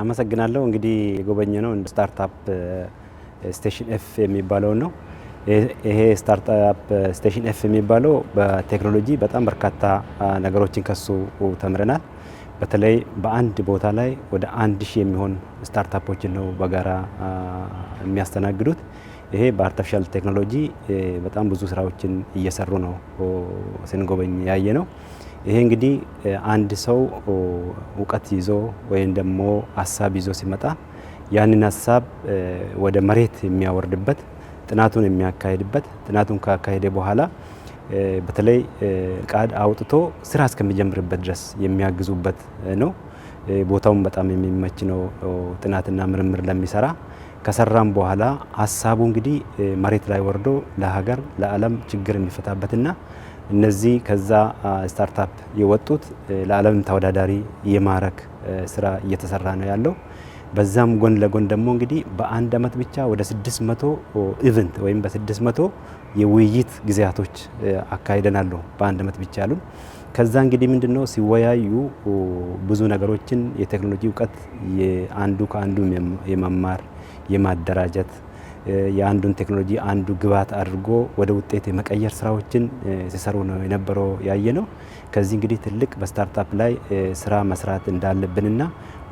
አመሰግናለሁ። እንግዲህ የጎበኘ ነው ስታርታፕ ስቴሽን ኤፍ የሚባለውን ነው። ይሄ ስታርታፕ ስቴሽን ኤፍ የሚባለው በቴክኖሎጂ በጣም በርካታ ነገሮችን ከሱ ተምረናል። በተለይ በአንድ ቦታ ላይ ወደ አንድ ሺህ የሚሆን ስታርታፖችን ነው በጋራ የሚያስተናግዱት። ይሄ በአርቲፊሻል ቴክኖሎጂ በጣም ብዙ ስራዎችን እየሰሩ ነው ስንጎበኝ ያየ ነው። ይሄ እንግዲህ አንድ ሰው እውቀት ይዞ ወይም ደግሞ ሀሳብ ይዞ ሲመጣ ያንን ሀሳብ ወደ መሬት የሚያወርድበት ጥናቱን የሚያካሄድበት ጥናቱን ካካሄደ በኋላ በተለይ ቃድ አውጥቶ ስራ እስከሚጀምርበት ድረስ የሚያግዙበት ነው። ቦታውን በጣም የሚመች ነው። ጥናትና ምርምር ለሚሰራ ከሰራም በኋላ ሀሳቡ እንግዲህ መሬት ላይ ወርዶ ለሀገር ለዓለም ችግር የሚፈታበትና እነዚህ ከዛ ስታርታፕ የወጡት ለዓለም ተወዳዳሪ የማረክ ስራ እየተሰራ ነው ያለው። በዛም ጎን ለጎን ደግሞ እንግዲህ በአንድ አመት ብቻ ወደ 600 ኢቨንት ወይም በ600 የውይይት ጊዜያቶች አካሂደናሉ በአንድ አመት ብቻ ያሉን። ከዛ እንግዲህ ምንድነው ሲወያዩ ብዙ ነገሮችን የቴክኖሎጂ እውቀት አንዱ ከአንዱ የመማር የማደራጀት የአንዱን ቴክኖሎጂ አንዱ ግብዓት አድርጎ ወደ ውጤት የመቀየር ስራዎችን ሲሰሩ ነው የነበረው ያየ ነው። ከዚህ እንግዲህ ትልቅ በስታርታፕ ላይ ስራ መስራት እንዳለብንና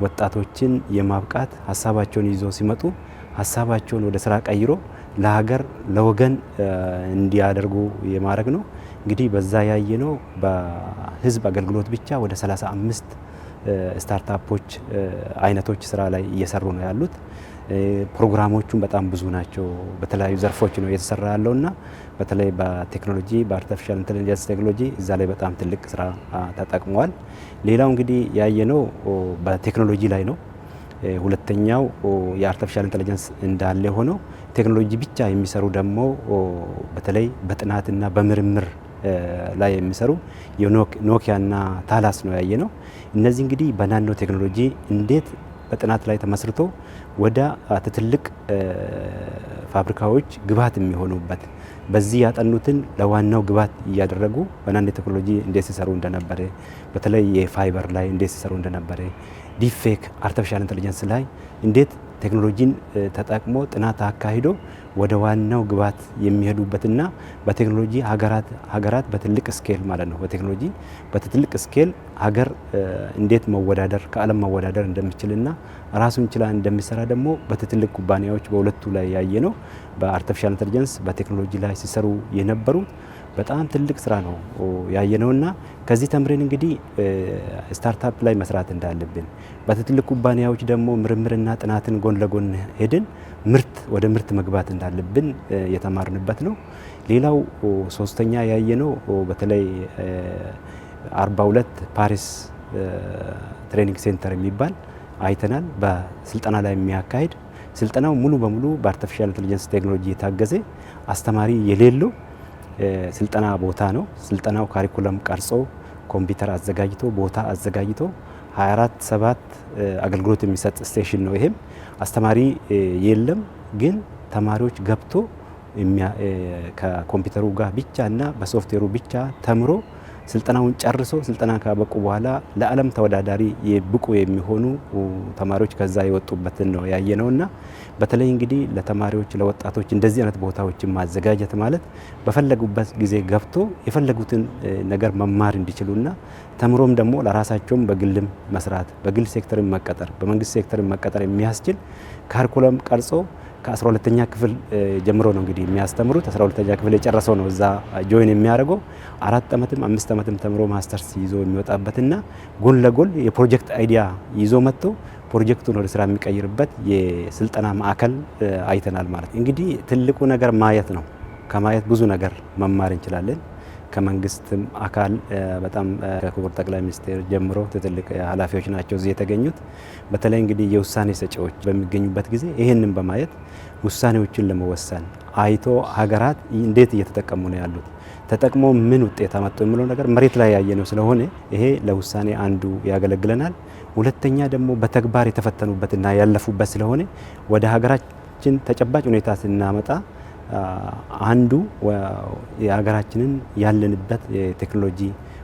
ወጣቶችን የማብቃት ሀሳባቸውን ይዞ ሲመጡ ሀሳባቸውን ወደ ስራ ቀይሮ ለሀገር ለወገን እንዲያደርጉ የማድረግ ነው። እንግዲህ በዛ ያየ ነው በህዝብ አገልግሎት ብቻ ወደ 35 ስታርታፖች አይነቶች ስራ ላይ እየሰሩ ነው ያሉት። ፕሮግራሞቹም በጣም ብዙ ናቸው። በተለያዩ ዘርፎች ነው እየተሰራ ያለው እና በተለይ በቴክኖሎጂ በአርቲፊሻል ኢንቴሊጀንስ ቴክኖሎጂ እዛ ላይ በጣም ትልቅ ስራ ተጠቅመዋል። ሌላው እንግዲህ ያየነው በቴክኖሎጂ ላይ ነው። ሁለተኛው የአርቲፊሻል ኢንቴሊጀንስ እንዳለ ሆነው ቴክኖሎጂ ብቻ የሚሰሩ ደግሞ በተለይ በጥናትና በምርምር ላይ የሚሰሩ ኖኪያና ታላስ ነው ያየ ነው። እነዚህ እንግዲህ በናኖ ቴክኖሎጂ እንዴት በጥናት ላይ ተመስርቶ ወደ ትልቅ ፋብሪካዎች ግብዓት የሚሆኑበት በዚህ ያጠኑትን ለዋናው ግብዓት እያደረጉ በናኖ ቴክኖሎጂ እንዴት ሲሰሩ እንደነበረ በተለይ የፋይበር ላይ እንዴት ሲሰሩ እንደነበረ ዲፌክ አርቲፊሻል ኢንቴሊጀንስ ላይ እንዴት ቴክኖሎጂን ተጠቅሞ ጥናት አካሂዶ ወደ ዋናው ግብዓት የሚሄዱበትና በቴክኖሎጂ ሀገራት በትልቅ ስኬል ማለት ነው በቴክኖሎጂ በትልቅ ስኬል ሀገር እንዴት መወዳደር ከዓለም መወዳደር እንደሚችልና ራሱን ችላ እንደሚሰራ ደግሞ በትልቅ ኩባንያዎች በሁለቱ ላይ ያየ ነው። በአርቲፊሻል ኢንተለጀንስ በቴክኖሎጂ ላይ ሲሰሩ የነበሩ በጣም ትልቅ ስራ ነው ያየነውና ከዚህ ተምረን እንግዲህ ስታርታፕ ላይ መስራት እንዳለብን በትልቅ ኩባንያዎች ደግሞ ምርምርና ጥናትን ጎን ለጎን ሄድን ምርት ወደ ምርት መግባት እንዳለብን የተማርንበት ነው። ሌላው ሶስተኛ ያየነው በተለይ 42 ፓሪስ ትሬኒንግ ሴንተር የሚባል አይተናል። በስልጠና ላይ የሚያካሄድ ስልጠናው ሙሉ በሙሉ በአርቲፊሻል ኢንቴሊጀንስ ቴክኖሎጂ የታገዘ አስተማሪ የሌለው ስልጠና ቦታ ነው። ስልጠናው ካሪኩለም ቀርጾ ኮምፒውተር አዘጋጅቶ ቦታ አዘጋጅቶ 24 ሰባት አገልግሎት የሚሰጥ ስቴሽን ነው። ይሄም አስተማሪ የለም፣ ግን ተማሪዎች ገብቶ ከኮምፒውተሩ ጋር ብቻ እና በሶፍትዌሩ ብቻ ተምሮ ስልጠናውን ጨርሶ ስልጠና ካበቁ በኋላ ለዓለም ተወዳዳሪ ብቁ የሚሆኑ ተማሪዎች ከዛ የወጡበትን ነው ያየ ነውና በተለይ እንግዲህ ለተማሪዎች ለወጣቶች እንደዚህ አይነት ቦታዎችን ማዘጋጀት ማለት በፈለጉበት ጊዜ ገብቶ የፈለጉትን ነገር መማር እንዲችሉና ተምሮም ደግሞ ለራሳቸውም በግልም መስራት በግል ሴክተርን መቀጠር በመንግስት ሴክተርን መቀጠር የሚያስችል ካሪኩለም ቀርጾ ከ12ተኛ ክፍል ጀምሮ ነው እንግዲህ የሚያስተምሩት። 12ተኛ ክፍል የጨረሰው ነው እዛ ጆይን የሚያደርገው። አራት ዓመትም አምስት ዓመትም ተምሮ ማስተርስ ይዞ የሚወጣበትና ጎን ለጎን የፕሮጀክት አይዲያ ይዞ መጥቶ ፕሮጀክቱን ወደ ስራ የሚቀይርበት የስልጠና ማዕከል አይተናል። ማለት እንግዲህ ትልቁ ነገር ማየት ነው። ከማየት ብዙ ነገር መማር እንችላለን። ከመንግስትም አካል በጣም ከክቡር ጠቅላይ ሚኒስትር ጀምሮ ትልቅ ኃላፊዎች ናቸው እዚህ የተገኙት። በተለይ እንግዲህ የውሳኔ ሰጪዎች በሚገኙበት ጊዜ ይህንን በማየት ውሳኔዎችን ለመወሰን አይቶ ሀገራት እንዴት እየተጠቀሙ ነው ያሉት ተጠቅሞ ምን ውጤት አመጡ የሚለው ነገር መሬት ላይ ያየነው ስለሆነ ይሄ ለውሳኔ አንዱ ያገለግለናል። ሁለተኛ ደግሞ በተግባር የተፈተኑበትና ያለፉበት ስለሆነ ወደ ሀገራችን ተጨባጭ ሁኔታ ስናመጣ አንዱ የሀገራችንን ያለንበት የቴክኖሎጂ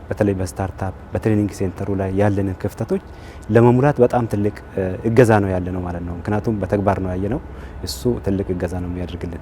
በተለይ በስታርታፕ በትሬኒንግ ሴንተሩ ላይ ያለንን ክፍተቶች ለመሙላት በጣም ትልቅ እገዛ ነው ያለ ነው ማለት ነው። ምክንያቱም በተግባር ነው ያየ ነው። እሱ ትልቅ እገዛ ነው የሚያደርግልን።